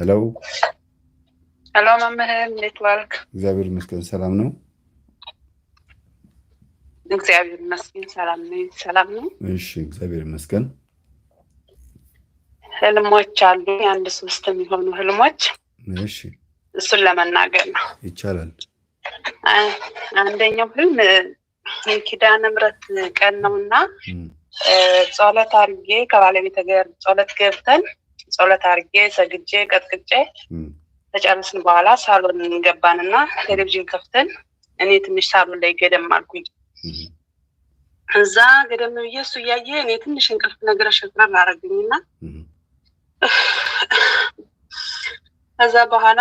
ሄሎ ሄሎ፣ መምህር እንዴት ዋልክ? እግዚአብሔር ይመስገን ሰላም ነው። እግዚአብሔር ይመስገን ሰላም ነው። ሰላም ነው። እሺ፣ እግዚአብሔር ይመስገን። ህልሞች አሉ፣ የአንድ ሶስት የሚሆኑ ህልሞች። እሺ፣ እሱን ለመናገር ነው ይቻላል። አንደኛው ህልም የኪዳነ ምሕረት ቀን ነው እና ጸሎት አድርጌ ከባለቤቴ ጋር ጸሎት ገብተን ጸሎት አርጌ ሰግጄ ቀጥቅጬ ተጨርስን በኋላ ሳሎን ገባንና ቴሌቪዥን ከፍተን እኔ ትንሽ ሳሎን ላይ ገደም አልኩኝ። እዛ ገደም ብዬ እሱ እያየ እኔ ትንሽ እንቅልፍ ነገር ሸፍረር አረግኝና ከዛ በኋላ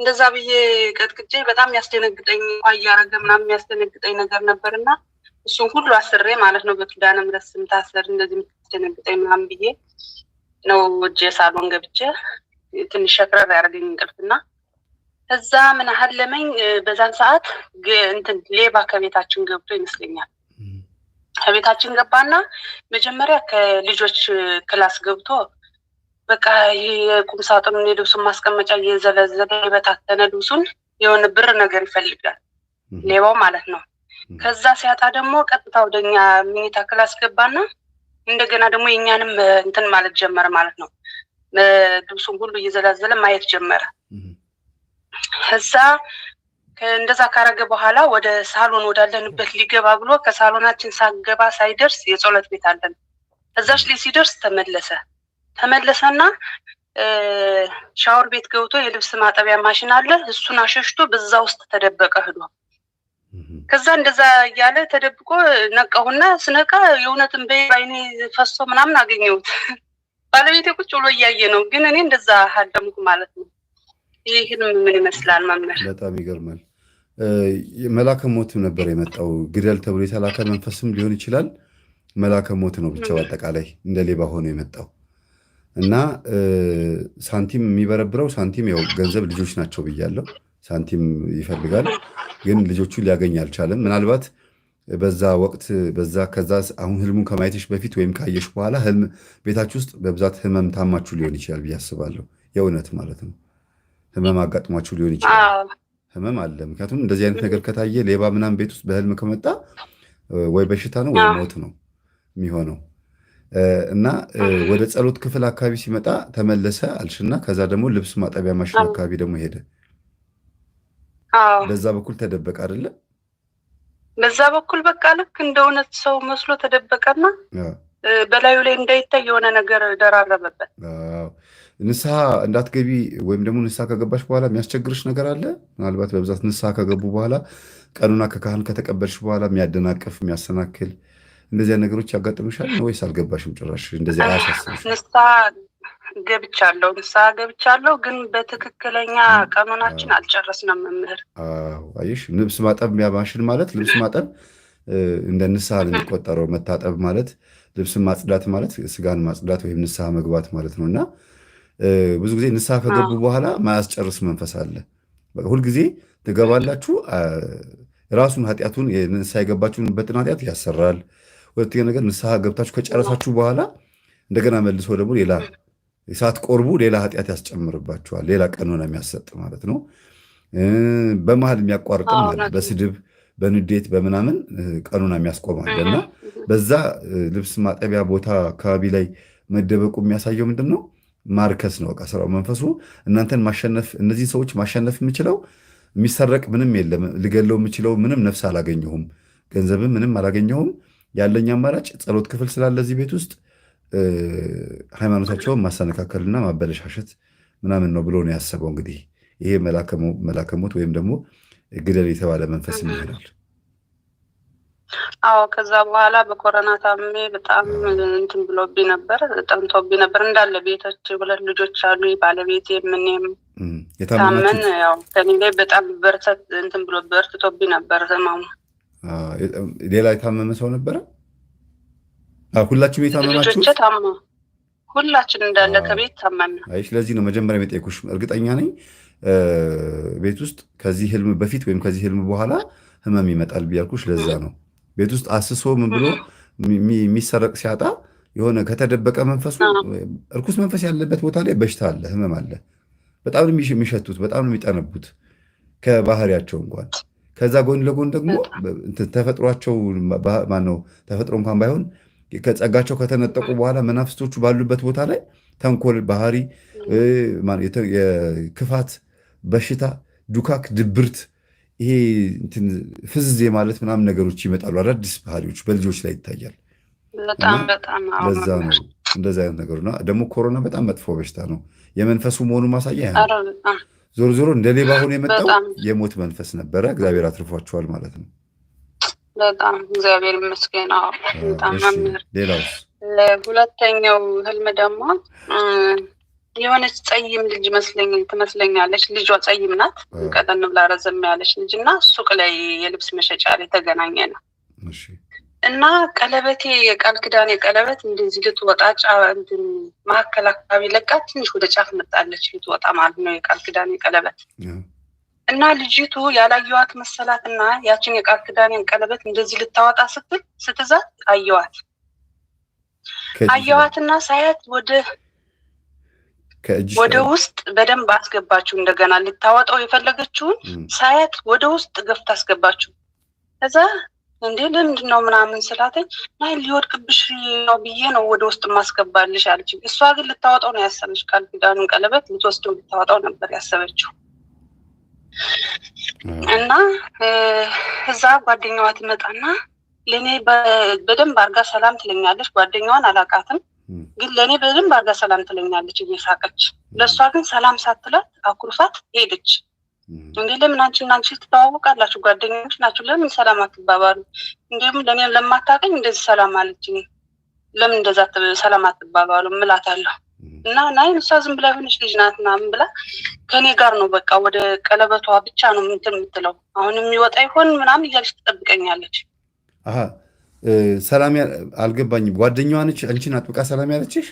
እንደዛ ብዬ ቀጥቅጬ በጣም ያስደነግጠኝ እንኳ እያረገ ምናምን የሚያስደነግጠኝ ነገር ነበርና እሱን ሁሉ አስሬ ማለት ነው በኪዳነ ምሕረት ስም ታሰር እንደዚህ የምታስደነግጠኝ ምናምን ብዬ ነው እጄ ሳሎን ገብቼ ትንሽ ሸክረር ያደርገኝ እንቅልፍና እዛ ምን ለመኝ በዛን ሰዓት እንትን ሌባ ከቤታችን ገብቶ ይመስለኛል ከቤታችን ገባና መጀመሪያ ከልጆች ክላስ ገብቶ በቃ የቁም ሳጥኑን የልብሱን ማስቀመጫ እየዘለዘለ የበታተነ ልብሱን የሆነ ብር ነገር ይፈልጋል ሌባው ማለት ነው። ከዛ ሲያጣ ደግሞ ቀጥታ ወደኛ ምኝታ ክላስ ገባና እንደገና ደግሞ የእኛንም እንትን ማለት ጀመረ ማለት ነው። ልብሱን ሁሉ እየዘላዘለ ማየት ጀመረ። እዛ እንደዛ ካረገ በኋላ ወደ ሳሎን ወዳለንበት ሊገባ ብሎ ከሳሎናችን ሳገባ ሳይደርስ የጸሎት ቤት አለን። እዛች ላይ ሲደርስ ተመለሰ ተመለሰና ሻወር ቤት ገብቶ የልብስ ማጠቢያ ማሽን አለ፣ እሱን አሸሽቶ በዛ ውስጥ ተደበቀ ሂዶ ከዛ እንደዛ እያለ ተደብቆ ነቃሁና ስነቃ የእውነትን በይ አይኔ ፈሶ ምናምን አገኘሁት። ባለቤቴ ቁጭ ብሎ እያየ ነው፣ ግን እኔ እንደዛ አደምኩ ማለት ነው። ይህን ምን ይመስላል መምህር? በጣም ይገርማል። መላከ ሞት ነበር የመጣው ግደል ተብሎ የተላከ መንፈስም ሊሆን ይችላል። መላከ ሞት ነው ብቻ በአጠቃላይ እንደ ሌባ ሆኖ የመጣው እና ሳንቲም የሚበረብረው ሳንቲም ያው ገንዘብ ልጆች ናቸው ብያለው። ሳንቲም ይፈልጋል ግን ልጆቹን ሊያገኝ አልቻለም። ምናልባት በዛ ወቅት በዛ ከዛ አሁን ህልሙን ከማየትሽ በፊት ወይም ካየሽ በኋላ ህልም ቤታች ውስጥ በብዛት ህመም ታማችሁ ሊሆን ይችላል ብዬ አስባለሁ። የእውነት ማለት ነው ህመም አጋጥሟችሁ ሊሆን ይችላል። ህመም አለ። ምክንያቱም እንደዚህ አይነት ነገር ከታየ ሌባ ምናምን ቤት ውስጥ በህልም ከመጣ ወይ በሽታ ነው ወይ ሞት ነው የሚሆነው እና ወደ ጸሎት ክፍል አካባቢ ሲመጣ ተመለሰ አልሽና ከዛ ደግሞ ልብስ ማጠቢያ ማሽን አካባቢ ደግሞ ሄደ። በዛ በኩል ተደበቀ አይደለ? በዛ በኩል በቃ ልክ እንደ እውነት ሰው መስሎ ተደበቀና በላዩ ላይ እንዳይታይ የሆነ ነገር ደራረበበት። ንስሐ እንዳትገቢ ወይም ደግሞ ንስሐ ከገባሽ በኋላ የሚያስቸግርሽ ነገር አለ? ምናልባት በብዛት ንስሐ ከገቡ በኋላ ቀኑና ከካህን ከተቀበልሽ በኋላ የሚያደናቅፍ የሚያሰናክል እንደዚያ ነገሮች ያጋጥምሻል ወይስ አልገባሽም? ጭራሽ እንደዚያ ንስሐ ገብቻለሁ፣ ንስሐ ገብቻለሁ። ግን በትክክለኛ ቀኖናችን አልጨረስንም። መምህር አየሽ፣ ልብስ ማጠብ የሚያማሽን ማለት ልብስ ማጠብ እንደ ንስሐ ነው የሚቆጠረው። መታጠብ ማለት ልብስን ማጽዳት ማለት ስጋን ማጽዳት ወይም ንስሐ መግባት ማለት ነው እና ብዙ ጊዜ ንስሐ ከገቡ በኋላ ማያስጨርስ መንፈስ አለ። ሁልጊዜ ትገባላችሁ። ራሱን ኃጢአቱን ንስሐ የገባችሁንበትን ኃጢአት ያሰራል። ሁለተኛ ነገር ንስሐ ገብታችሁ ከጨረሳችሁ በኋላ እንደገና መልሶ ደግሞ ሌላ ሳትቆርቡ ሌላ ኃጢአት ያስጨምርባችኋል። ሌላ ቀኖና የሚያሰጥ ማለት ነው። በመሀል የሚያቋርጥም በስድብ በንዴት በምናምን ቀኖና የሚያስቆም እና በዛ ልብስ ማጠቢያ ቦታ አካባቢ ላይ መደበቁ የሚያሳየው ምንድን ነው? ማርከስ ነው። በቃ ስራው መንፈሱ እናንተን ማሸነፍ እነዚህ ሰዎች ማሸነፍ የምችለው የሚሰረቅ ምንም የለም። ልገለው የምችለው ምንም ነፍስ አላገኘሁም፣ ገንዘብም ምንም አላገኘሁም። ያለኝ አማራጭ ጸሎት ክፍል ስላለ እዚህ ቤት ውስጥ ሃይማኖታቸውን ማሰነካከልና ማበለሻሸት ምናምን ነው ብሎ ነው ያሰበው። እንግዲህ ይሄ መላከ ሞት ወይም ደግሞ ግደል የተባለ መንፈስ ይሄዳል። አዎ ከዛ በኋላ በኮረና ታሜ በጣም እንትን ብሎብኝ ነበር፣ ጠንቶብኝ ነበር እንዳለ ቤቶች ሁለት ልጆች አሉ ባለቤት የምንም ታመን ያው ከኔ ላይ በጣም በርተት እንትን ብሎ በርትቶብኝ ነበር ህመሙ። ሌላ የታመመ ሰው ነበረ ሁላችሁ ቤት አመማችሁ? ሁላችን እንዳለ ከቤት አይ ስለዚህ ነው መጀመሪያ የጠየኩሽ። እርግጠኛ ነኝ ቤት ውስጥ ከዚህ ህልም በፊት ወይም ከዚህ ህልም በኋላ ህመም ይመጣል ብያልኩሽ ለዛ ነው። ቤት ውስጥ አስሶ ምን ብሎ የሚሰረቅ ሲያጣ የሆነ ከተደበቀ መንፈሱ እርኩስ መንፈስ ያለበት ቦታ ላይ በሽታ አለ፣ ህመም አለ። በጣም ነው የሚሸቱት፣ በጣም ነው የሚጠነቡት ከባህሪያቸው እንኳን ከዛ ጎን ለጎን ደግሞ ተፈጥሯቸው ማነው ተፈጥሮ እንኳን ባይሆን ከጸጋቸው ከተነጠቁ በኋላ መናፍስቶቹ ባሉበት ቦታ ላይ ተንኮል፣ ባህሪ፣ ክፋት፣ በሽታ፣ ዱካክ፣ ድብርት ይሄ ፍዝዜ ማለት ምናምን ነገሮች ይመጣሉ። አዳዲስ ባህሪዎች በልጆች ላይ ይታያል። ለዛ ነው እንደዚ አይነት ነገሩ ደግሞ ኮሮና በጣም መጥፎ በሽታ ነው። የመንፈሱ መሆኑ ማሳያ ዞሮ ዞሮ እንደ ሌባ ሆኖ የመጣው የሞት መንፈስ ነበረ። እግዚአብሔር አትርፏቸዋል ማለት ነው። በጣም እግዚአብሔር ይመስገን። በጣም መምህር። ሁለተኛው ህልም ደግሞ የሆነች ጸይም ልጅ ትመስለኛለች። ልጇ ጸይም ናት። ቀጠን ብላ ረዘም ያለች ልጅ እና ሱቅ ላይ የልብስ መሸጫ ላይ ተገናኘ ነው እና ቀለበቴ የቃል ኪዳኔ ቀለበት እንደዚህ ልትወጣ መካከል አካባቢ ለቃ ትንሽ ወደ ጫፍ መጣለች። ልትወጣ ማለት ነው የቃል ኪዳኔ ቀለበት እና ልጅቱ ያላየዋት መሰላት እና ያችን የቃል ኪዳኔን ቀለበት እንደዚህ ልታወጣ ስትል ስትዛት አየዋት አየዋትና ሳያት ወደ ወደ ውስጥ በደንብ አስገባችሁ። እንደገና ልታወጣው የፈለገችውን ሳያት ወደ ውስጥ ገፍታ አስገባችሁ። ከዛ እንዴ ለምንድን ነው ምናምን ስላተኝ ናይ ሊወድቅብሽ ነው ብዬ ነው ወደ ውስጥ ማስገባልሽ አለች። እሷ ግን ልታወጣው ነው ያሰበች ቃል ኪዳኑን ቀለበት ልትወስደው ልታወጣው ነበር ያሰበችው። እና እዛ ጓደኛዋ ትመጣና ለእኔ በደንብ አርጋ ሰላም ትለኛለች። ጓደኛዋን አላቃትም፣ ግን ለእኔ በደንብ አርጋ ሰላም ትለኛለች እየሳቀች። ለእሷ ግን ሰላም ሳትላት አኩርፋት ሄደች። እንዴ ለምን አንቺ እና አንቺ ትተዋወቃላችሁ፣ ጓደኞች ናችሁ፣ ለምን ሰላም አትባባሉ? እንዲሁም ለእኔ ለማታቀኝ እንደዚህ ሰላም አለችኝ፣ ለምን እንደዛ ሰላም አትባባሉ አለሁ እና ናይ እሷ ዝም ብላ የሆነች ልጅ ናት ምናምን ብላ ከኔ ጋር ነው በቃ ወደ ቀለበቷ ብቻ ነው እንትን የምትለው። አሁን የሚወጣ ይሆን ምናምን እያለች ትጠብቀኛለች። ሰላም አልገባኝም። ጓደኛዋ ነች አንቺን አጥብቃ ሰላም ያለችሽ?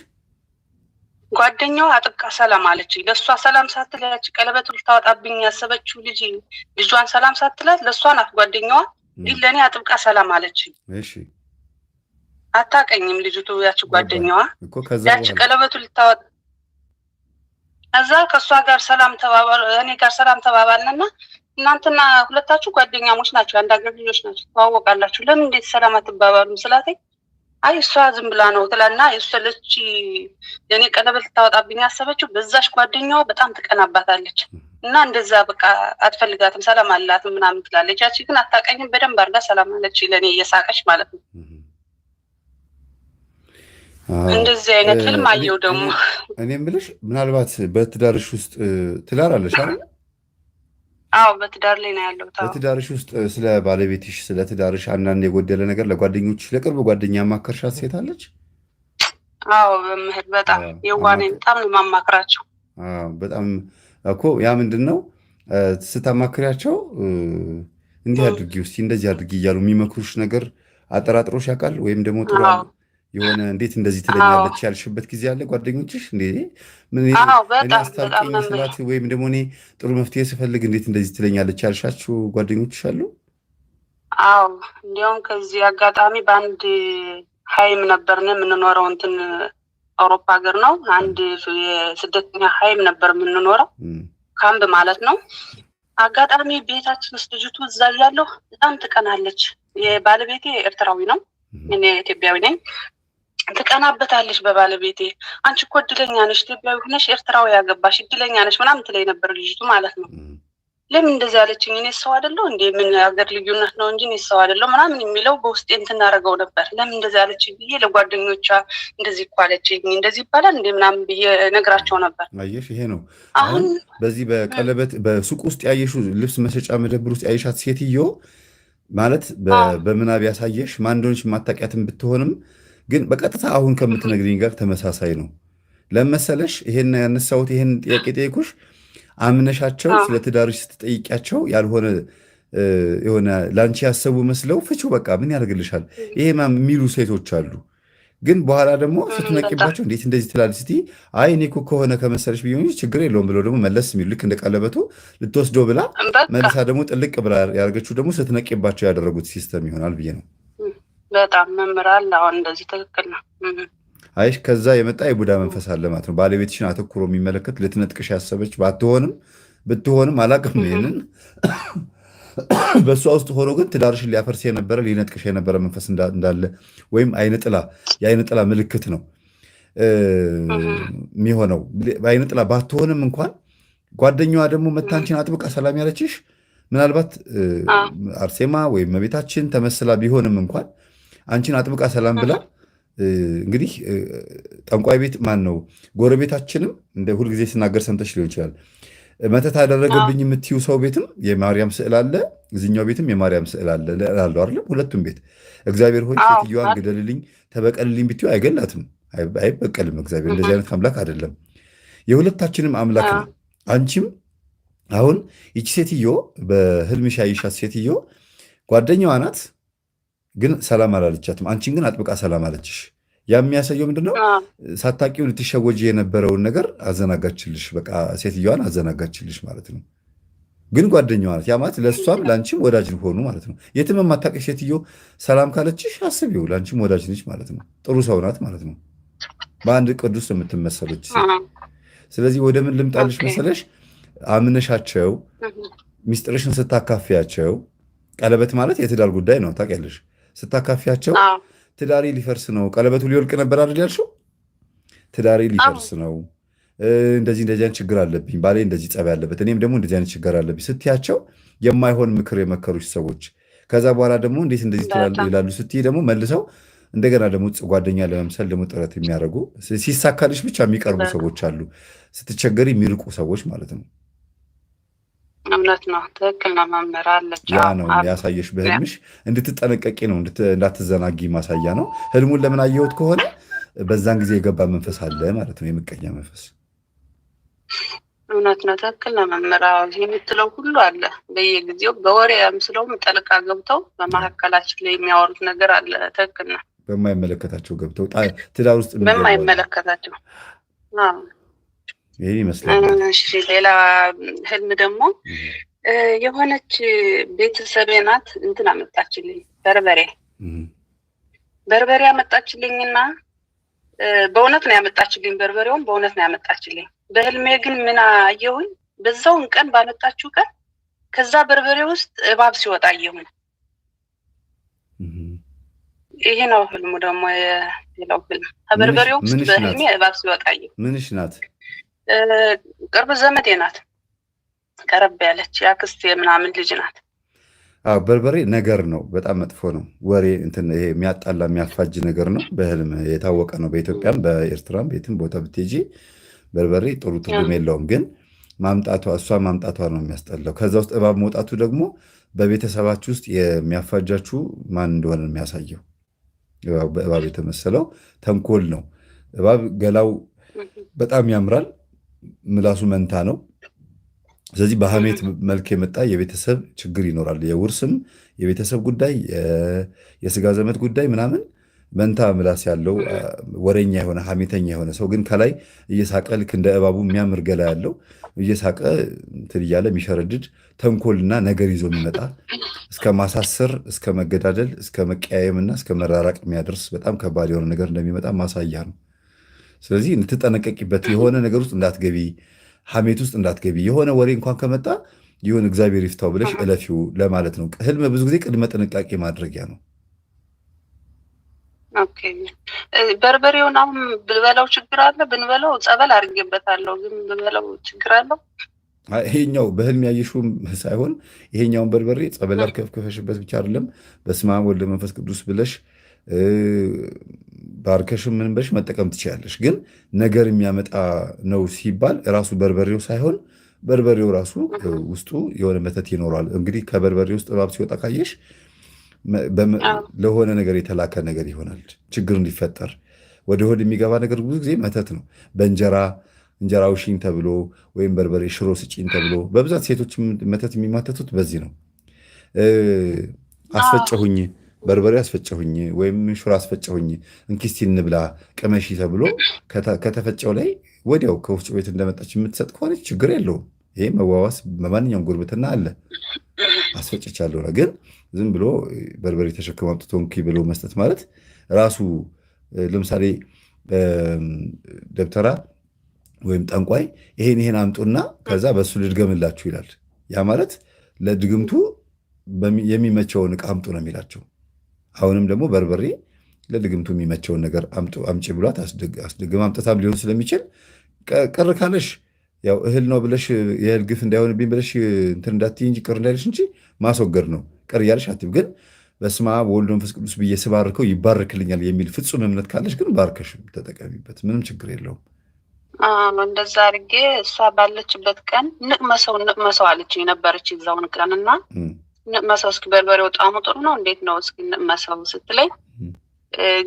ጓደኛዋ አጥብቃ ሰላም አለች። ለእሷ ሰላም ሳትላች ቀለበቱ ልታወጣብኝ ያሰበችው ልጅ ልጇን ሰላም ሳትላት ለእሷ ናት ጓደኛዋ፣ ግን ለእኔ አጥብቃ ሰላም አለችኝ። አታቀኝም ልጅቱ ያች ጓደኛዋ ያች ቀለበቱ ልታወጥ እዛ ከእሷ ጋር ሰላም ተባባል እኔ ጋር ሰላም ተባባልንና እናንተና ሁለታችሁ ጓደኛሞች ናቸው፣ አንድ አገር ልጆች ናቸው፣ ተዋወቃላችሁ፣ ለምን እንዴት ሰላም አትባባሉም ስላተኝ አይ እሷ ዝም ብላ ነው ትላና የሰለች የእኔ ቀለበት ልታወጣብኝ ያሰበችው በዛሽ ጓደኛዋ በጣም ትቀናባታለች። እና እንደዛ በቃ አትፈልጋትም፣ ሰላም አላትም ምናምን ትላለች። ያቺ ግን አታቀኝም፣ በደንብ አድርጋ ሰላም አለች፣ ለእኔ እየሳቀች ማለት ነው። እንደዚህ አይነት ህልም አየው። ደግሞ እኔ የምልሽ ምናልባት በትዳርሽ ውስጥ ትዳር አለሽ አይደል? አዎ፣ በትዳር ላይ ነው ያለው። በትዳርሽ ውስጥ ስለ ባለቤትሽ፣ ስለ ትዳርሽ አንዳንድ የጎደለ ነገር ለጓደኞች ለቅርብ ጓደኛ ያማከርሻት ሴት አለች? አዎ፣ በምህል በጣም የዋኔ በጣም ነው የማማክራቸው። በጣም እኮ ያ ምንድን ነው ስታማክሪያቸው እንዲህ አድርጊ ውስ እንደዚህ አድርጊ እያሉ የሚመክሩሽ ነገር አጠራጥሮሽ ያውቃል ወይም ደግሞ ጥሩ የሆነ እንዴት እንደዚህ ትለኛለች ያልሽበት ጊዜ አለ? ጓደኞችሽ እንዴ መስላት ወይም ደግሞ እኔ ጥሩ መፍትሄ ስፈልግ እንዴት እንደዚህ ትለኛለች ያልሻችሁ ጓደኞችሽ አሉ? አዎ፣ እንዲሁም ከዚህ አጋጣሚ በአንድ ሀይም ነበር የምንኖረው እንትን አውሮፓ ሀገር ነው። አንድ የስደተኛ ሀይም ነበር የምንኖረው ካምብ ማለት ነው። አጋጣሚ ቤታችን ውስጥ ልጅቱ እዛ እያለሁ በጣም ትቀናለች። የባለቤቴ ኤርትራዊ ነው፣ እኔ ኢትዮጵያዊ ነኝ። ትቀናበታለሽ በባለቤቴ። አንቺ እኮ እድለኛ ነሽ፣ ኢትዮጵያዊ ሆነሽ ኤርትራዊ ያገባሽ እድለኛ ነሽ ምናምን ትለኝ ነበር ልጅቱ ማለት ነው። ለምን እንደዚህ አለችኝ? እኔ ሰው አደለው እንዴ? ምን ሀገር ልዩነት ነው እንጂ እኔ ሰው አይደለሁ ምናምን የሚለው በውስጤ እንትን ነበር። ለምን እንደዚህ አለችኝ ብዬ ለጓደኞቿ እንደዚህ እኮ አለችኝ እንደዚህ ይባላል እንዴ ምናምን ብዬ ነግራቸው ነበር። አየሽ፣ ይሄ ነው አሁን በዚህ በቀለበት በሱቅ ውስጥ ያየሹ ልብስ መሸጫ መደብር ውስጥ ያየሻት ሴትዮ ማለት በምናብ ያሳየሽ ማን እንደሆነች የማታውቂያትን ብትሆንም ግን በቀጥታ አሁን ከምትነግሪኝ ጋር ተመሳሳይ ነው። ለመሰለሽ ይሄን ያነሳሁት ይሄን ጥያቄ ጠይኩሽ አምነሻቸው ስለ ትዳርሽ ስትጠይቂያቸው ያልሆነ የሆነ ለአንቺ ያሰቡ መስለው ፍቺው በቃ ምን ያደርግልሻል ይሄ ማ የሚሉ ሴቶች አሉ። ግን በኋላ ደግሞ ስትነቂባቸው እንዴት እንደዚህ ትላለች ስትይ አይ እኔ እኮ ከሆነ ከመሰለሽ ብዬ እንጂ ችግር የለውም ብለው ደግሞ መለስ የሚሉ ልክ እንደ ቀለበቱ ልትወስዶ ብላ መልሳ ደግሞ ጥልቅ ብላ ያደርገችው ደግሞ ስትነቂባቸው ያደረጉት ሲስተም ይሆናል ብዬ ነው። በጣም መምራል። አሁን እንደዚህ ትክክል ነው። አይሽ ከዛ የመጣ የቡዳ መንፈስ አለ ማለት ነው። ባለቤትሽን አተኩሮ የሚመለከት ልትነጥቅሽ ያሰበች ባትሆንም ብትሆንም አላቅም። ይህንን በእሷ ውስጥ ሆኖ ግን ትዳርሽን ሊያፈርስ የነበረ ሊነጥቅሽ የነበረ መንፈስ እንዳለ ወይም አይነጥላ ጥላ ምልክት ነው የሚሆነው። አይነጥላ ባትሆንም እንኳን ጓደኛዋ ደግሞ መታንችን አጥብቃ ሰላም ያለችሽ ምናልባት አርሴማ ወይም መቤታችን ተመስላ ቢሆንም እንኳን አንቺን አጥብቃ ሰላም ብላ እንግዲህ ጠንቋይ ቤት ማን ነው ጎረቤታችንም እንደ ሁልጊዜ ስናገር ሰምተሽ ሊሆን ይችላል መተት አደረገብኝ የምትዩ ሰው ቤትም የማርያም ስዕል አለ፣ እዚኛው ቤትም የማርያም ስዕል አለ ላለው አይደለም። ሁለቱም ቤት እግዚአብሔር ሆይ ሴትዮዋን ግደልልኝ፣ ተበቀልልኝ ብትዩ አይገላትም፣ አይበቀልም። እግዚአብሔር እንደዚህ አይነት አምላክ አይደለም፣ የሁለታችንም አምላክ ነው። አንቺም አሁን ይቺ ሴትዮ በህልምሽ ያየሻት ሴትዮ ጓደኛዋ ናት ግን ሰላም አላለቻትም። አንቺን ግን አጥብቃ ሰላም አለችሽ። ያ የሚያሳየው ምንድነው? ሳታቂውን ልትሸወጂ የነበረውን ነገር አዘናጋችልሽ። በቃ ሴትዮዋን አዘናጋችልሽ ማለት ነው። ግን ጓደኛዋ ናት። ያ ማለት ለእሷም ለአንቺም ወዳጅ ሆኑ ማለት ነው። የትም የማታውቅሽ ሴትዮ ሰላም ካለችሽ አስቢው፣ ለአንቺም ወዳጅ ነች ማለት ነው። ጥሩ ሰው ናት ማለት ነው። በአንድ ቅዱስ የምትመሰለች ሴት። ስለዚህ ወደ ምን ልምጣልሽ መሰለሽ? አምነሻቸው ሚስጥርሽን ስታካፍያቸው። ቀለበት ማለት የትዳር ጉዳይ ነው ታውቂያለሽ። ስታካፊያቸው ትዳሬ ሊፈርስ ነው፣ ቀለበቱ ሊወልቅ ነበር አይደል ያልሽው? ትዳሬ ሊፈርስ ነው፣ እንደዚህ እንደዚህ አይነት ችግር አለብኝ፣ ባሌ እንደዚህ ጸብ ያለበት፣ እኔም ደግሞ እንደዚህ አይነት ችግር አለብኝ ስትያቸው የማይሆን ምክር የመከሩች ሰዎች ከዛ በኋላ ደግሞ እንዴት እንደዚህ ይላሉ ስትይ ደግሞ መልሰው እንደገና ደግሞ ጓደኛ ለመምሰል ደግሞ ጥረት የሚያደርጉ ሲሳካልሽ ብቻ የሚቀርቡ ሰዎች አሉ፣ ስትቸገሪ የሚርቁ ሰዎች ማለት ነው። እምነት ነው። ትክክል ነው። መምህር አለች። ያ ነው ያሳየሽ በህልምሽ እንድትጠነቀቂ ነው፣ እንዳትዘናጊ ማሳያ ነው። ህልሙን ለምን አየሁት ከሆነ በዛን ጊዜ የገባ መንፈስ አለ ማለት ነው፣ የምቀኛ መንፈስ። እውነት ነው። ትክክል ነው መምህር። የምትለው ሁሉ አለ በየጊዜው በወሬ ምስለውም ጠልቃ ገብተው በመካከላችን ላይ የሚያወሩት ነገር አለ። ትክክል ነው። በማይመለከታቸው ገብተው ትዳር ውስጥ በማይመለከታቸው ይህ ይመስላል። ሌላ ህልም ደግሞ የሆነች ቤተሰቤ ናት እንትን አመጣችልኝ፣ በርበሬ በርበሬ አመጣችልኝና በእውነት ነው ያመጣችልኝ። በርበሬውም በእውነት ነው ያመጣችልኝ። በህልሜ ግን ምን አየሁኝ? በዛውን ቀን ባመጣችው ቀን ከዛ በርበሬ ውስጥ እባብ ሲወጣ አየሁኝ። ይሄ ነው ህልሙ። ደግሞ ሌላው ህልም በርበሬ ውስጥ በህልሜ እባብ ሲወጣ አየሁ። ምንሽ ናት? ቅርብ ዘመዴ ናት። ቀረብ ያለች ያክስት የምናምን ልጅ ናት። በርበሬ ነገር ነው። በጣም መጥፎ ነው። ወሬ እንትን ይሄ የሚያጣላ የሚያፋጅ ነገር ነው። በህልም የታወቀ ነው። በኢትዮጵያም በኤርትራም ቤትም ቦታ ብትሄጂ በርበሬ ጥሩ ትርጉም የለውም። ግን ማምጣቷ እሷ ማምጣቷ ነው የሚያስጠላው። ከዛ ውስጥ እባብ መውጣቱ ደግሞ በቤተሰባች ውስጥ የሚያፋጃችሁ ማን እንደሆነ የሚያሳየው እባብ የተመሰለው ተንኮል ነው። እባብ ገላው በጣም ያምራል። ምላሱ መንታ ነው። ስለዚህ በሀሜት መልክ የመጣ የቤተሰብ ችግር ይኖራል። የውርስም የቤተሰብ ጉዳይ የስጋ ዘመድ ጉዳይ ምናምን መንታ ምላስ ያለው ወረኛ የሆነ ሀሜተኛ የሆነ ሰው ግን ከላይ እየሳቀ ልክ እንደ እባቡ የሚያምር ገላ ያለው እየሳቀ እንትን እያለ የሚሸረድድ ተንኮልና ነገር ይዞ የሚመጣ እስከ ማሳሰር፣ እስከ መገዳደል፣ እስከ መቀያየምና እስከ መራራቅ የሚያደርስ በጣም ከባድ የሆነ ነገር እንደሚመጣ ማሳያ ነው። ስለዚህ ልትጠነቀቂበት፣ የሆነ ነገር ውስጥ እንዳትገቢ፣ ሐሜት ውስጥ እንዳትገቢ፣ የሆነ ወሬ እንኳን ከመጣ ይሁን እግዚአብሔር ይፍታው ብለሽ እለፊው ለማለት ነው። ህልም ብዙ ጊዜ ቅድመ ጥንቃቄ ማድረጊያ ነው። በርበሬውን አሁን ብበላው ችግር አለ? ብንበላው ጸበል አድርጌበታለሁ፣ ግን ብበላው ችግር አለው? ይሄኛው በህልም ያየሽውም ሳይሆን ይሄኛውን በርበሬ ጸበል አርከፍክፈሽበት ብቻ አይደለም፣ በስመ አብ ወልደ መንፈስ ቅዱስ ብለሽ ባርከሽ ምን በልሽ መጠቀም ትችላለሽ። ግን ነገር የሚያመጣ ነው ሲባል ራሱ በርበሬው ሳይሆን በርበሬው ራሱ ውስጡ የሆነ መተት ይኖረዋል። እንግዲህ ከበርበሬ ውስጥ እባብ ሲወጣ ካየሽ ለሆነ ነገር የተላከ ነገር ይሆናል ችግር እንዲፈጠር። ወደ ሆድ የሚገባ ነገር ብዙ ጊዜ መተት ነው። በእንጀራ እንጀራ ውሽኝ ተብሎ ወይም በርበሬ ሽሮ ስጪኝ ተብሎ በብዛት ሴቶች መተት የሚማተቱት በዚህ ነው። አስፈጨሁኝ በርበሬ አስፈጨሁኝ ወይም ሹራ አስፈጨሁኝ እንኪስቲ እንብላ ቅመሺ ተብሎ ከተፈጨው ላይ ወዲያው ከወፍጮ ቤት እንደመጣች የምትሰጥ ከሆነች ችግር የለውም። ይሄ መዋዋስ በማንኛውም ጉርብትና አለ። አስፈጨቻለሁ ግን ዝም ብሎ በርበሬ ተሸክሞ አምጥቶ እንኪ ብሎ መስጠት ማለት ራሱ ለምሳሌ ደብተራ ወይም ጠንቋይ ይሄን ይሄን አምጡና ከዛ በእሱ ልድገምላችሁ ይላል። ያ ማለት ለድግምቱ የሚመቸውን እቃ አምጡ ነው የሚላቸው። አሁንም ደግሞ በርበሬ ለድግምቱ የሚመቸውን ነገር አምጪ ብሏት አስደግም አምጥታም ሊሆን ስለሚችል ቅር ካለሽ ያው እህል ነው ብለሽ የእህል ግፍ እንዳይሆንብኝ ብለሽ እንትን እንዳትዪ እንጂ ቅር እንዳይለሽ እንጂ ማስወገድ ነው። ቅር እያለሽ አትይም። ግን በስመ አብ ወወልድ ወመንፈስ ቅዱስ ብዬ ስባርከው ይባርክልኛል የሚል ፍጹም እምነት ካለሽ ግን ባርከሽ ተጠቀሚበት። ምንም ችግር የለውም። እንደዛ አድርጌ እሷ ባለችበት ቀን ንቅመሰው ንቅመሰው አለች የነበረች ዛውን ቀን እና መሰው እስኪ በርበሬው ጣሙ ጥሩ ነው እንዴት ነው እስኪ መሰው ስትለኝ፣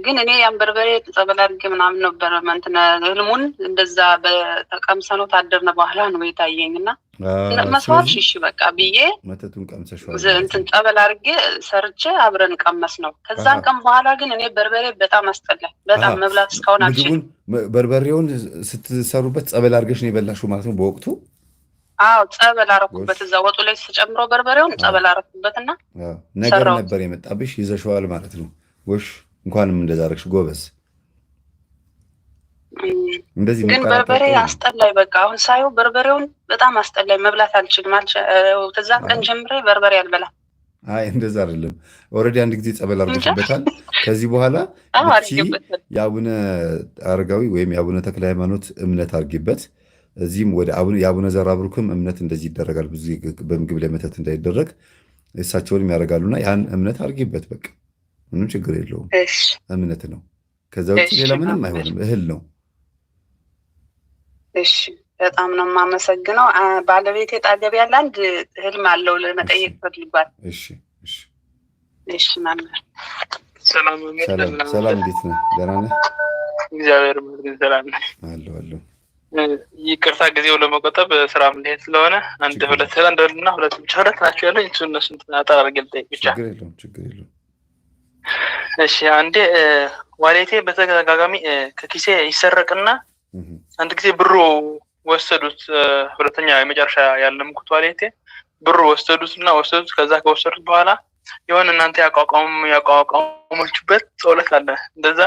ግን እኔ ያን በርበሬ ጸበል አድርጌ ምናምን ነበር እንትን ህልሙን እንደዛ በተቀምሰነው ታደርነ በኋላ ነው የታየኝ እና መስዋዕት ሽሽ በቃ ብዬ እንትን ጸበል አድርጌ ሰርቼ አብረን ቀመስ ነው። ከዛን ቀን በኋላ ግን እኔ በርበሬ በጣም አስጠላኝ። በጣም መብላት እስካሁን አልችልም። በርበሬውን ስትሰሩበት ጸበል አድርገሽ ነው የበላሽው ማለት ነው በወቅቱ አዎ ጸበል አረኩበት። እዛ ወጡ ላይ ተጨምሮ በርበሬውን ጸበል አረኩበትና ነገር ነበር የመጣብሽ ይዘሸዋል ማለት ነው። ጎሽ እንኳንም እንደዛ አደረግሽ ጎበዝ። እንደዚህ ግን በርበሬ አስጠላኝ። በቃ አሁን ሳየው በርበሬውን በጣም አስጠላይ መብላት አልችልም። ከዛ ቀን ጀምሬ በርበሬ አልበላም። አይ እንደዛ አይደለም። ኦልሬዲ አንድ ጊዜ ጸበል አድርገሽበታል። ከዚህ በኋላ የአቡነ አረጋዊ ወይም የአቡነ ተክለ ሃይማኖት እምነት አድርጊበት። እዚህም ወደ የአቡነ ዘራ ብሩክም እምነት እንደዚህ ይደረጋል። ብዙ በምግብ ላይ መተት እንዳይደረግ እሳቸውንም ያደርጋሉና ያን እምነት አድርጊበት። በቃ ምንም ችግር የለውም። እምነት ነው። ከዛ ውጭ ሌላ ምንም አይሆንም። እህል ነው። እሺ፣ በጣም ነው የማመሰግነው። ባለቤት የጣገብ ያለ አንድ ህልም አለው ለመጠየቅ ፈልጓል። እሺ፣ እሺ፣ እሺ። ሰላም፣ ሰላም። እንዴት ነህ? ደህና ነህ? እግዚአብሔር ይመስገን ሰላም ነህ? አለሁ አለሁ ይቅርታ ጊዜው ለመቆጠብ ስራ ምንሄድ ስለሆነ አንድ ሁለት አንድ እና ሁለት ብቻ ሁለት ናቸው ያለ እሱ እነሱ አጠራርጌ ልጠይቅ ብቻ። እሺ አንዴ ዋሌቴ በተደጋጋሚ ከኪሴ ይሰረቅና አንድ ጊዜ ብሩ ወሰዱት። ሁለተኛ የመጨረሻ ያለምኩት ዋሌቴ ብሩ ወሰዱት እና ወሰዱት። ከዛ ከወሰዱት በኋላ የሆነ እናንተ ያቋቋሙ ያቋቋሞችበት ጸውለት አለ እንደዛ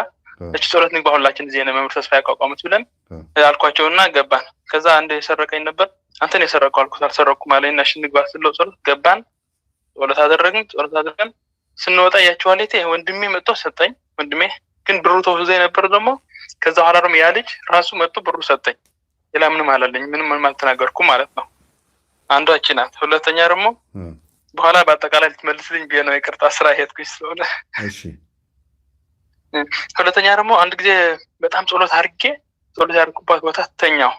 እች ጸሎት ንግባ ሁላችን ጊዜ መምህር ተስፋ ያቋቋሙት ብለን አልኳቸውና ገባን። ከዛ አንድ የሰረቀኝ ነበር። አንተን የሰረቀው አልኩት። አልሰረኩም አለኝ። እና እሺ ስለው ጸሎት ገባን። ጸሎት አደረግን። ጸሎት አደረግን ስንወጣ እያቸዋል ወንድሜ መጥቶ ሰጠኝ። ወንድሜ ግን ብሩ ተወስዶ ነበር ደግሞ ከዛ በኋላ ደግሞ ያ ልጅ ራሱ መጥቶ ብሩ ሰጠኝ። ሌላ ምንም አላለኝ። ምንም ምንም አልተናገርኩም ማለት ነው። አንዷች ናት። ሁለተኛ ደግሞ በኋላ በአጠቃላይ ልትመልስልኝ ብዬ ነው። ይቅርታ ስራ ሄድኩኝ ስለሆነ ሁለተኛ ደግሞ አንድ ጊዜ በጣም ጸሎት አድርጌ ጸሎት ያደርጉባት ቦታ ተኛው።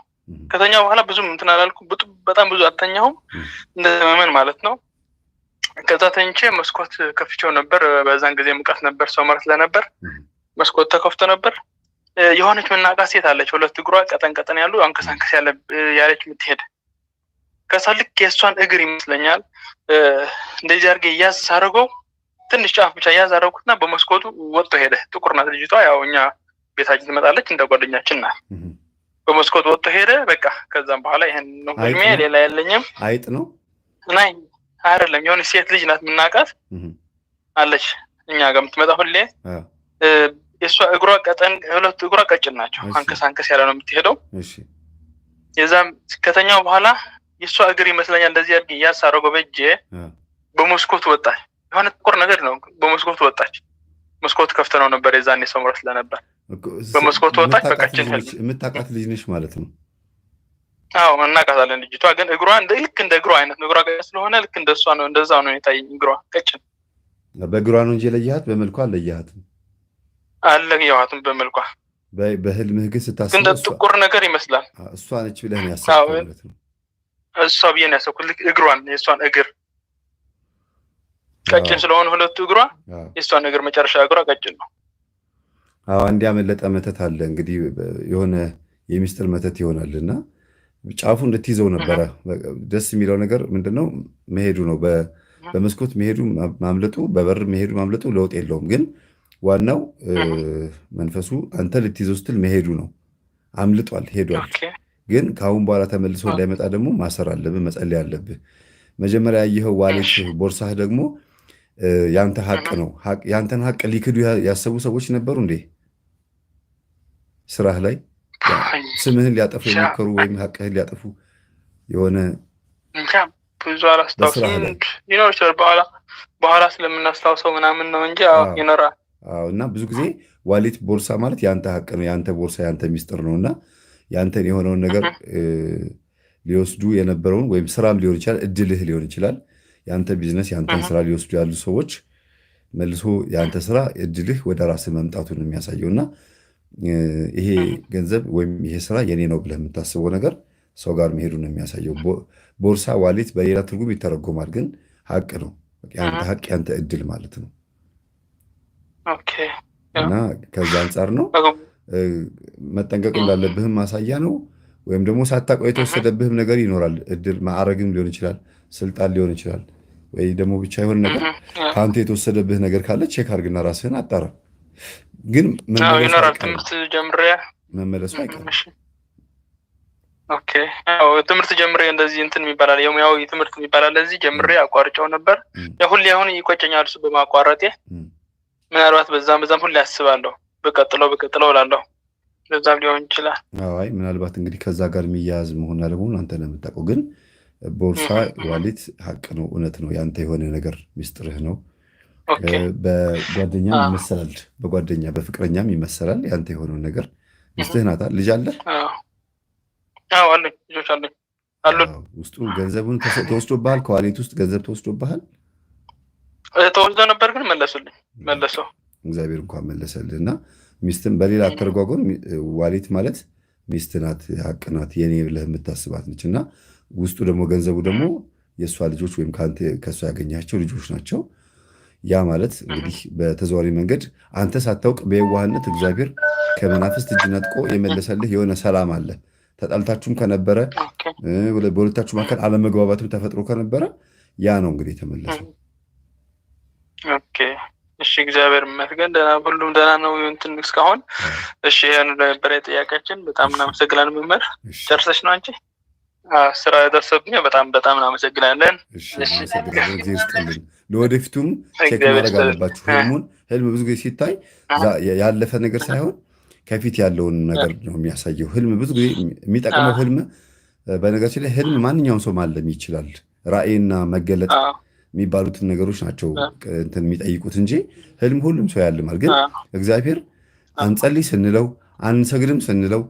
ከተኛሁ በኋላ ብዙም እንትን አላልኩም፣ በጣም ብዙ አልተኛሁም፣ እንደ መመን ማለት ነው። ከዛ ተኝቼ መስኮት ከፍቼው ነበር። በዛን ጊዜ ሙቀት ነበር፣ ሰው መረት ለነበር መስኮት ተከፍቶ ነበር። የሆነች ምናቃ ሴት አለች፣ ሁለት እግሯ ቀጠን ቀጠን ያሉ አንከሳንከስ ያለች የምትሄድ ከሳልክ የእሷን እግር ይመስለኛል እንደዚህ አድርጌ እያዝ ሳደርገው ትንሽ ጫፍ ብቻ እያዛረኩትና በመስኮቱ ወጥቶ ሄደ። ጥቁር ናት ልጅቷ። ያው እኛ ቤታችን ትመጣለች እንደ ጓደኛችን ናት። በመስኮት ወጥቶ ሄደ። በቃ ከዛም በኋላ ይህን ነው እድሜ ሌላ ያለኝም አይጥ ነው እና አይደለም የሆነ ሴት ልጅ ናት የምናውቃት አለች እኛ ጋር የምትመጣ ሁሌ የእሷ እግሯ ቀጠን ሁለቱ እግሯ ቀጭን ናቸው። አንከስ አንከስ ያለ ነው የምትሄደው። የዛም ከተኛው በኋላ የእሷ እግር ይመስለኛል እንደዚህ ያሳረጎ በእጄ በመስኮት ወጣች። የሆነ ጥቁር ነገር ነው። በመስኮቱ ወጣች። መስኮት ከፍተ ነው ነበር የዛኔ ሰው ምረት ስለነበር በመስኮቱ ወጣች። በቃችን የምታውቃት ልጅ ነች ማለት ነው። አዎ እናውቃታለን። ልጅቷ ግን እግሯ ልክ እንደ እግሯ አይነት ነው። እግሯ ቀጭን ስለሆነ ልክ እንደ ነው። እንደዛ ነው የታየኝ። እግሯ ቀጭን በእግሯ ነው እንጂ የለየሃት በመልኳ አለየሃትም። አለየኋትም በመልኳ በህልምህ ግን ስታስብ ጥቁር ነገር ይመስላል። እሷ ነች ብለህ ነው ያሰብኩት እሷ ብዬ ነው ያሰብኩት። እግሯን የእሷን እግር ቀጭን ስለሆነ ሁለቱ እግሯ የእሷ ነገር መጨረሻ እግሯ ቀጭን ነው። አዎ አንድ ያመለጠ መተት አለ እንግዲህ የሆነ የሚስጥር መተት ይሆናል እና ጫፉ እንድትይዘው ነበረ። ደስ የሚለው ነገር ምንድነው መሄዱ ነው። በመስኮት መሄዱ ማምለጡ፣ በበር መሄዱ ማምለጡ ለውጥ የለውም። ግን ዋናው መንፈሱ አንተ ልትይዘው ስትል መሄዱ ነው። አምልጧል፣ ሄዷል። ግን ከአሁን በኋላ ተመልሶ እንዳይመጣ ደግሞ ማሰር አለብህ፣ መጸለይ አለብህ። መጀመሪያ ያየኸው ዋሌት ቦርሳህ ደግሞ ያንተ ሀቅ ነው። ያንተን ሀቅ ሊክዱ ያሰቡ ሰዎች ነበሩ እንዴ? ስራህ ላይ ስምህን ሊያጠፉ የሞከሩ ወይም ሀቅህን ሊያጠፉ የሆነ ብዙ አላስታውስም። በኋላ ስለምናስታውሰው ምናምን ነው እንጂ ይኖራል። እና ብዙ ጊዜ ዋሌት ቦርሳ ማለት የአንተ ሀቅ ነው፣ የአንተ ቦርሳ ያንተ ሚስጥር ነው እና ያንተን የሆነውን ነገር ሊወስዱ የነበረውን ወይም ስራም ሊሆን ይችላል፣ እድልህ ሊሆን ይችላል የአንተ ቢዝነስ የአንተን ስራ ሊወስዱ ያሉ ሰዎች መልሶ የአንተ ስራ እድልህ ወደ ራስ መምጣቱን የሚያሳየው እና ይሄ ገንዘብ ወይም ይሄ ስራ የኔ ነው ብለህ የምታስበው ነገር ሰው ጋር መሄዱን የሚያሳየው። ቦርሳ ዋሌት በሌላ ትርጉም ይተረጎማል፣ ግን ሀቅ ነው። ያንተ ሀቅ ያንተ እድል ማለት ነው እና ከዛ አንጻር ነው መጠንቀቅ እንዳለብህም ማሳያ ነው። ወይም ደግሞ ሳታውቀው የተወሰደብህም ነገር ይኖራል። እድል ማዕረግም ሊሆን ይችላል፣ ስልጣን ሊሆን ይችላል። ወይ ደግሞ ብቻ የሆነ ነገር ከአንተ የተወሰደብህ ነገር ካለ ቼክ አድርግና ራስህን አጣራ። ግን ትምህርት ጀምሬ መመለሱ አይቀርም። ኦኬ ትምህርት ጀምሬ እንደዚህ እንትን የሚባላል የሙያዊ ትምህርት የሚባላል እዚህ ጀምሬ አቋርጨው ነበር። ሁሌ አሁን ይቆጨኛል እሱ በማቋረጤ። ምናልባት በዛም በዛም ሁሌ አስባለሁ ብቀጥለው ብቀጥለው እላለሁ። በዛም ሊሆን ይችላል። አይ ምናልባት እንግዲህ ከዛ ጋር የሚያያዝ መሆን አለመሆን አንተ ነው የምታውቀው ግን ቦርሳ ዋሊት ሀቅ ነው፣ እውነት ነው። ያንተ የሆነ ነገር ሚስጥርህ ነው። በጓደኛ ይመሰላል፣ በጓደኛ በፍቅረኛም ይመሰላል። ያንተ የሆነውን ነገር ሚስትህ ናታ። ልጅ አለ ውስጡ ገንዘቡን ተወስዶብሃል? ከዋሊት ውስጥ ገንዘብ ተወስዶብሃል? ተወስዶ ነበር ግን መለሱልኝ። መለሰው እግዚአብሔር እንኳን መለሰልህ። እና ሚስትም በሌላ አተረጓጎን ዋሊት ማለት ሚስት ናት፣ ሀቅ ናት፣ የኔ ብለህ የምታስባት ነች እና ውስጡ ደግሞ ገንዘቡ ደግሞ የእሷ ልጆች ወይም ከእሷ ያገኛቸው ልጆች ናቸው። ያ ማለት እንግዲህ በተዘዋዋሪ መንገድ አንተ ሳታውቅ በየዋህነት እግዚአብሔር ከመናፍስት እጅ ነጥቆ የመለሰልህ የሆነ ሰላም አለ። ተጣልታችሁም ከነበረ በሁለታችሁ መካከል አለመግባባትም ተፈጥሮ ከነበረ ያ ነው እንግዲህ የተመለሰው። እሺ፣ እግዚአብሔር ይመስገን። ደህና ሁሉም ደህና ነው እንትን እስካሁን። እሺ፣ ይህን ነበረ ጥያቄያችን። በጣም እናመሰግናለን መምህር። ጨርሰሽ ነው አንቺ? ስራ የደረሰብኝ በጣም በጣም እናመሰግናለን። ለወደፊቱም ቼክ ማድረግ አለባችሁ። ህልሙን ህልም ብዙ ጊዜ ሲታይ ያለፈ ነገር ሳይሆን ከፊት ያለውን ነገር ነው የሚያሳየው። ህልም ብዙ ጊዜ የሚጠቅመው ህልም በነገራችን ላይ ህልም ማንኛውም ሰው ማለም ይችላል። ራእይና መገለጥ የሚባሉትን ነገሮች ናቸው እንትን የሚጠይቁት እንጂ ህልም ሁሉም ሰው ያልማል። ግን እግዚአብሔር አንጸልይ ስንለው አንሰግድም ስንለው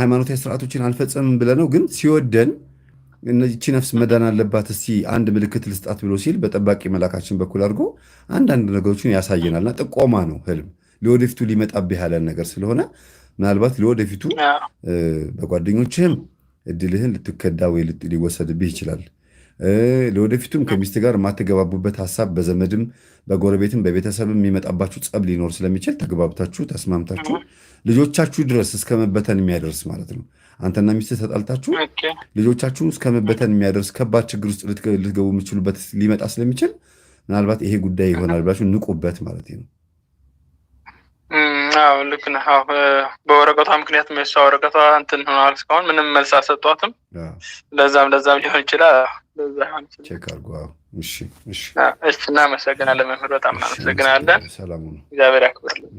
ሃይማኖታዊ ስርዓቶችን አልፈጸምም ብለነው ግን ሲወደን እነዚህች ነፍስ መዳን አለባት እስቲ አንድ ምልክት ልስጣት ብሎ ሲል በጠባቂ መላካችን በኩል አድርጎ አንዳንድ ነገሮችን ያሳየናልና ጥቆማ ነው ህልም ለወደፊቱ ሊመጣብህ ያለን ነገር ስለሆነ ምናልባት ለወደፊቱ በጓደኞችህም እድልህን ልትከዳ ወይ ሊወሰድብህ ይችላል። ለወደፊቱም ከሚስት ጋር የማትገባቡበት ሀሳብ በዘመድም በጎረቤትም በቤተሰብም የሚመጣባችሁ ጸብ ሊኖር ስለሚችል ተግባብታችሁ ተስማምታችሁ ልጆቻችሁ ድረስ እስከ መበተን የሚያደርስ ማለት ነው። አንተና ሚስት ተጣልታችሁ ልጆቻችሁ እስከ መበተን የሚያደርስ ከባድ ችግር ውስጥ ልትገቡ የምችሉበት ሊመጣ ስለሚችል ምናልባት ይሄ ጉዳይ ይሆናል ብላችሁ ንቁበት ማለት ነው። አዎ ልክ ነህ። በወረቀቷ ምክንያት መሳ ወረቀቷ እንትን ሆኗል። እስካሁን ምንም መልስ አልሰጧትም። ለዛም ለዛም ሊሆን ይችላል። ቼክ አድርጎ እሺ፣ እናመሰግናለን መምህር፣ በጣም እናመሰግናለን። እግዚአብሔር ያክብርልን።